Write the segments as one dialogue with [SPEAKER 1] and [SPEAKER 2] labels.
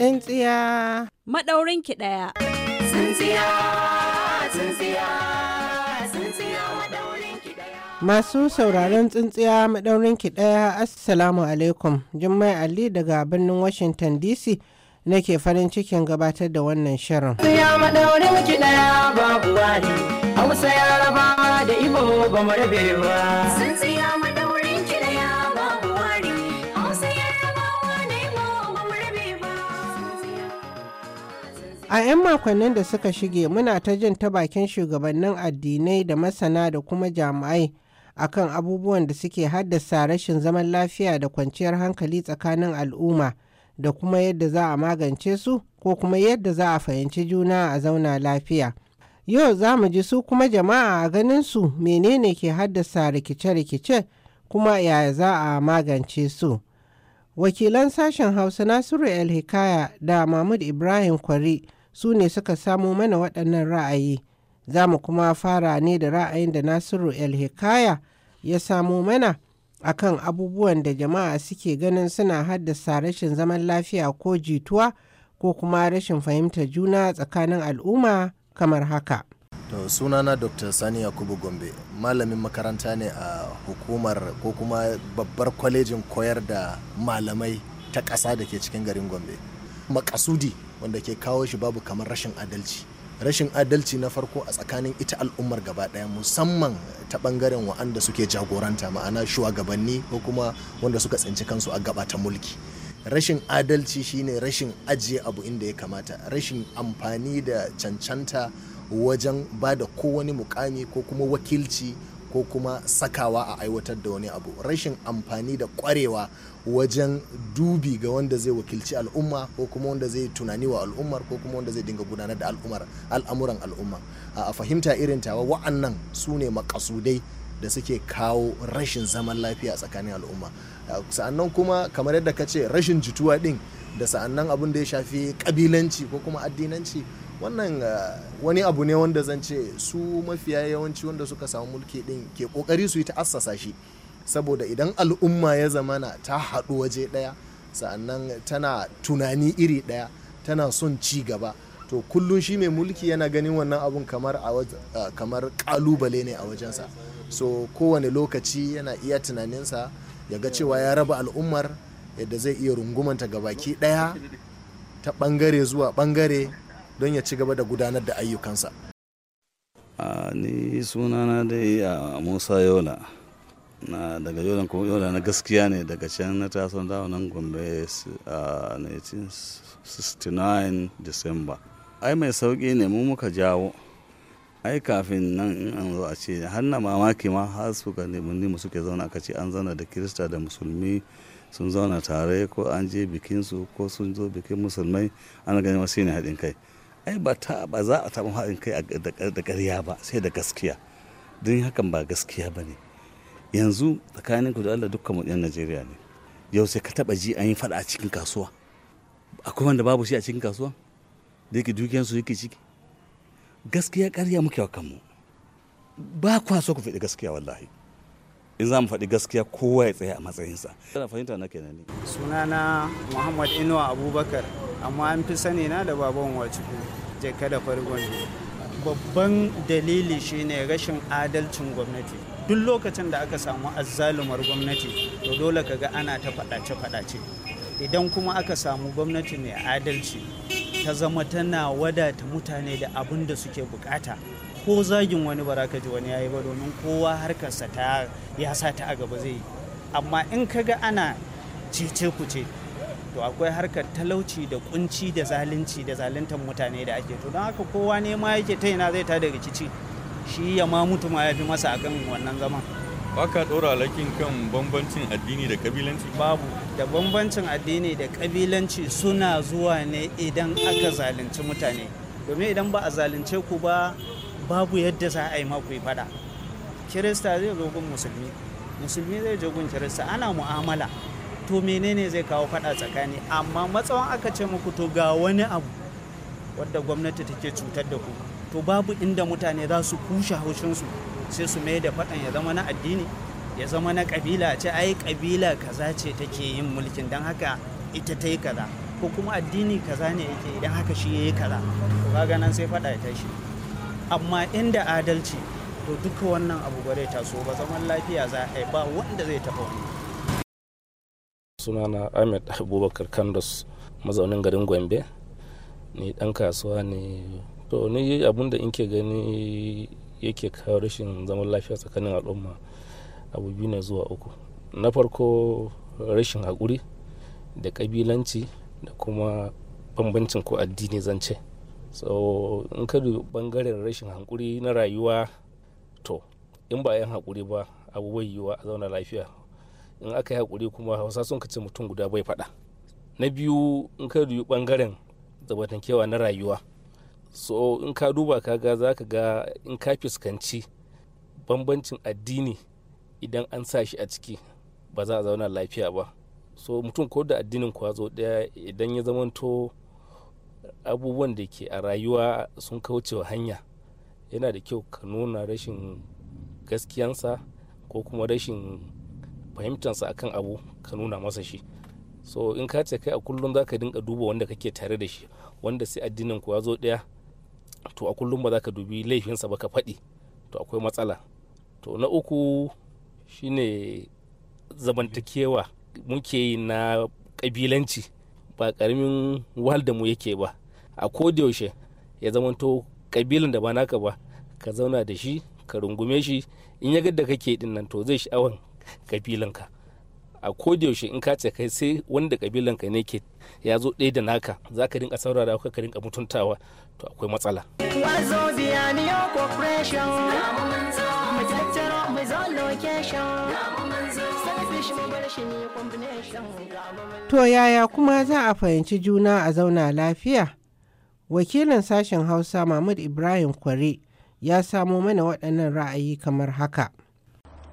[SPEAKER 1] Tsintsiya. Maɗaurin ki ɗaya.
[SPEAKER 2] Tsintsiya, tsintsiya, tsintsiya maɗaurin ki ɗaya.
[SPEAKER 1] Masu sauraron tsintsiya maɗaurin ki ɗaya Assalamu alaikum. Jummai Ali daga birnin Washington DC nake farin cikin gabatar da wannan shirin. Tsintsiya maɗaurin ki ɗaya
[SPEAKER 2] babu wani. Hausa Yaraba da Ibo ba mu rabe ba. Tsintsiya
[SPEAKER 1] A 'yan makonnin da suka shige muna ta jin ta bakin shugabannin addinai da masana da kuma jami'ai akan abubuwan da suke haddasa rashin zaman lafiya da kwanciyar hankali tsakanin al'umma da kuma yadda za a magance su ko kuma yadda za a fahimci juna a zauna lafiya. Yau za mu ji su kuma jama'a a ganin su menene ke haddasa rikice-rikice kuma yaya za a magance su. Wakilan sashen Hausa Nasiru El Hikaya da Mahmud Ibrahim Kwari. su ne suka samo mana waɗannan ra'ayi za mu kuma fara ne da ra'ayin da nasiru el hikaya ya samo mana akan abubuwan da jama'a suke ganin suna haddasa rashin zaman lafiya ko jituwa ko kuma rashin fahimtar juna tsakanin al'umma kamar haka.
[SPEAKER 3] sunana Dr. Sani Yakubu Gombe malamin makaranta ne a hukumar ko kuma babbar kwalejin koyar da malamai ta ƙasa da ke cikin garin Gombe. Makasudi wanda ke kawo shi babu kamar rashin adalci rashin adalci na farko a tsakanin ita al'ummar gaba daya musamman ta bangaren wa'anda suke jagoranta ma'ana shugabanni ko kuma wanda suka tsinci kansu a gaba ta mulki rashin adalci shine rashin ajiye abu inda ya kamata rashin amfani da cancanta wajen ba da kowane mukami ko kuma wakilci ko kuma sakawa a aiwatar da wani abu rashin amfani da kwarewa wajen dubi ga wanda zai wakilci al'umma ko kuma wanda zai tunani wa al'ummar ko kuma wanda zai dinga gudanar da al'amuran al'umma a fahimta irin tawa wa'annan su ne makasudai da suke kawo rashin zaman lafiya tsakanin al'umma sa'annan kuma kamar yadda ka ce rashin jituwa din da sa'annan abin da ya shafi kabilanci ko kuma addinanci wannan wani abu ne wanda zan ce su mafiya yawanci wanda suka samu mulki din ke kokari su yi ta assasa shi saboda idan al'umma ya zamana ta haɗu waje ɗaya sa'annan tana tunani iri ɗaya tana son ci gaba to kullum shi mai mulki yana ganin wannan abun kamar kalubale ne a wajensa so kowane lokaci yana iya tunaninsa ya ga cewa ya raba al'ummar yadda zai iya rungumanta ga baki ɗaya ta ɓangare zuwa ɓangare don ya ci gaba da gudanar da ayyukansa.
[SPEAKER 4] ni sunana dai a musa yola na daga yau kuma yau na gaskiya ne daga can na taso dawo nan gombe a 1969 december ai mai sauki ne mu muka jawo ai kafin nan in an zo a ce har na mamaki ma har su ka nemi suke zauna aka ce an zauna da kirista da musulmi sun zauna tare ko an je bikin su ko sun zo bikin musulmai an gani wasu ne haɗin kai ai ba za a taɓa haɗin kai da ƙarya ba sai da gaskiya don hakan ba gaskiya ba ne yanzu tsakaninku da allah dukkan mu najeriya ne yau sai ka taba ji an yi fada a cikin kasuwa akwai wanda babu shi a cikin kasuwa da yake su yake ciki gaskiya karya muke wa kanmu ba kwa so ku faɗi gaskiya wallahi in za mu faɗi gaskiya kowa ya tsaya a matsayinsa kana fahimta na kenan ne sunana
[SPEAKER 5] muhammad inuwa abubakar amma an fi sani na da baban waciku jeka da ne babban dalili shine rashin adalcin gwamnati duk lokacin da aka samu azzalumar gwamnati to dole ka ga ana ta faɗace-faɗace idan kuma aka samu gwamnati mai adalci ta zama tana wadata mutane da abin da suke bukata ko zagin wani baraka ji wani yayi ba domin kowa harkarsa ta ya sa ta a gaba zai yi amma in ka ga ana cece kuce to akwai harkar talauci da kunci da zalunci da zaluntar mutane da ake to don haka kowa ne ma yake ta yana zai ta da rikici shi ya ma mutu ma ya fi masa a akan wannan zaman ka ɗora alakin kan bambancin addini da kabilanci babu da bambancin addini da kabilanci suna zuwa ne idan aka zalunci mutane domin idan ba a zalunce ku ba babu yadda za a yi maku yi fada kirista zai zo gun musulmi musulmi zai je gun kirista ana mu'amala to menene zai kawo fada tsakani amma matsawan aka ce muku to ga wani abu wadda gwamnati take cutar da ku to babu inda mutane za su kushe haushinsu sai su mai da faɗan ya zama na addini ya zama na kabila ce ai ƙabila kaza ce take yin mulkin don haka ita ta yi kaza ko kuma addini kaza ne yake idan haka shi ya yi kaza to ga nan sai faɗa ya tashi amma inda adalci to duka wannan abu ta taso ba zaman lafiya za a ba wanda zai taɓa wani
[SPEAKER 6] sunana ahmed abubakar kandos mazaunin garin gombe ni dan kasuwa ne to ni abun da in ke gani yake kawo rashin zaman lafiya tsakanin al'umma abu biyu ne zuwa uku na farko rashin haƙuri da ƙabilanci da kuma bambancin ko addini zance so in ka bangaren rashin haƙuri na rayuwa to in ba yan haƙuri ba abubuwan yiwuwa a zauna lafiya in aka yi haƙuri kuma hausa sun kace mutum guda bai faɗa na biyu in ka bangaren zamantakewa na rayuwa so in ka duba ka ga za ka ga in ka fuskanci bambancin addini idan an sa shi a ciki ba za a zauna lafiya ba so mutum ko da addinin kwazo daya idan ya zamanto abubuwan da ke a rayuwa sun kauce wa hanya yana da kyau ka nuna rashin gaskiyansa ko kuma rashin fahimtansa akan abu ka nuna masa shi so in ka ce kai a kullum za ka dinga duba wanda kake tare da shi wanda sai addinin kwazo zo ɗaya to a kullum ba za ka dubi laifinsa ba ka faɗi to akwai matsala to na uku shine zamantakewa muke yi na ƙabilanci ba ƙaramin walda mu yake ba a yaushe ya zamanto ƙabilan da ba naka ba ka zauna da shi ka rungume shi in ya ga da kake ɗin nan to zai sha'awan ƙabilanka a yaushe in ka kai sai wanda kabilan ka ne ke ya zo ɗaya da naka za ka rinka saurara ka ka rinka mutuntawa to akwai matsala.
[SPEAKER 1] To yaya kuma za a fahimci juna a zauna lafiya? Wakilin sashen Hausa Mahmud Ibrahim Kware, ya samo mana waɗannan ra'ayi kamar haka.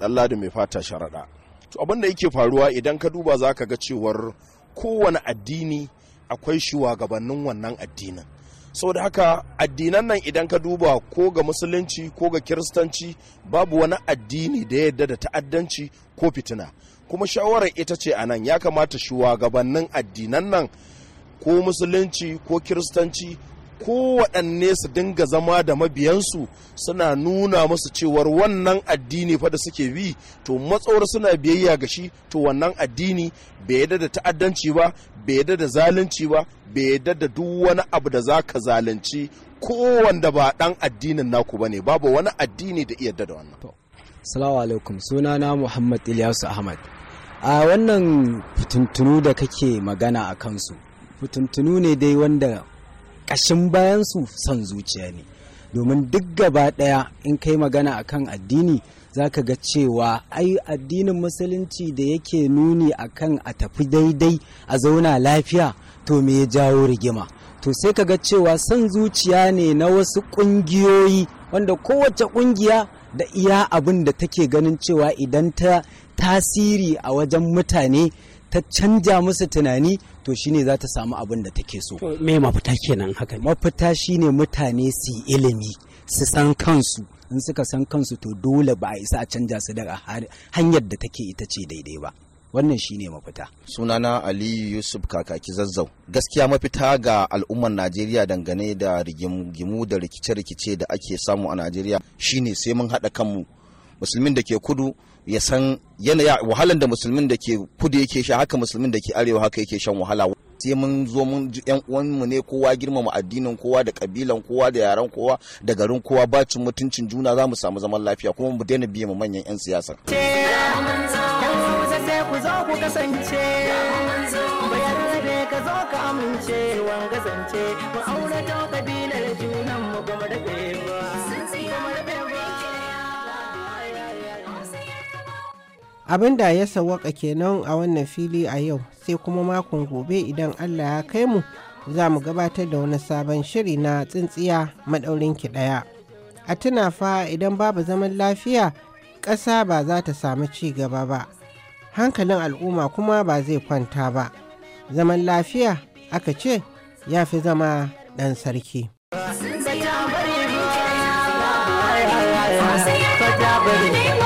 [SPEAKER 3] Ɗan mai fata sharaɗa. to abin da yake faruwa idan ka duba za ka ga cewar kowane addini akwai shugabannin wannan addinin saboda haka addinan nan idan ka duba ko ga musulunci ko ga kiristanci babu wani addini da yadda da ta'addanci ko fitina kuma shawarar ita ce a nan ya kamata shugabannin addinan nan ko musulunci ko kiristanci kowaɗanne su dinga zama da mabiyansu suna nuna musu cewar wannan addini fa suke bi to matsawar suna biyayya ga shi to wannan addini bai yadda da ta'addanci ba bai yadda da zalunci ba bai yadda da duk wani abu da za ka zalunci kowanda ba ɗan addinin naku ba ne babu wani addini da iya da wannan.
[SPEAKER 2] Salamu alaikum na Muhammad Ilyasu Ahmad. A wannan fitintunu da kake magana a kansu, fitintunu ne dai wanda ƙashin su son zuciya ne domin duk gaba ɗaya in kai magana a kan addini za ka ga cewa ai addinin musulunci da yake nuni akan a tafi daidai a zauna lafiya to me ya jawo rigima to sai ka ga cewa son zuciya ne na wasu ƙungiyoyi wanda kowace ƙungiya da iya abin da take ganin cewa idan ta tasiri a wajen mutane ta canja musu tunani to shine za ta samu abin da take so me mafita kenan haka ne. mafita shine mutane su ilimi su san kansu in suka san kansu to dole ba a isa a canja su daga hanyar da take ita ce daidai ba wannan shine mafita sunana aliyu yusuf kakaki zazzau gaskiya mafita ga al'ummar najeriya dangane da rigimu da rikice-rikice da ake samu a najeriya shine sai mun haɗa kanmu musulmin da ke kudu ya san yanayi wahalar da musulmin da ke kudu yake sha haka musulmin da ke arewa haka yake shan wahala sai mun zo mun yan mu ne kowa girmama addinin kowa da kabilan kowa da yaran kowa da garin kowa bacin mutuncin juna za mu samu zaman lafiya kuma mu daina biye mu manyan yan siyasa
[SPEAKER 1] abin da ya sawaka kenan a wannan fili a yau sai kuma makon gobe idan allah ya kai mu za mu gabatar da wani sabon shiri na tsintsiya maɗaurin ki ɗaya a tuna fa idan babu zaman lafiya ƙasa ba za ta samu ci gaba ba hankalin al'umma kuma ba zai kwanta ba zaman lafiya aka ce ya fi zama ɗan sarki
[SPEAKER 2] Thank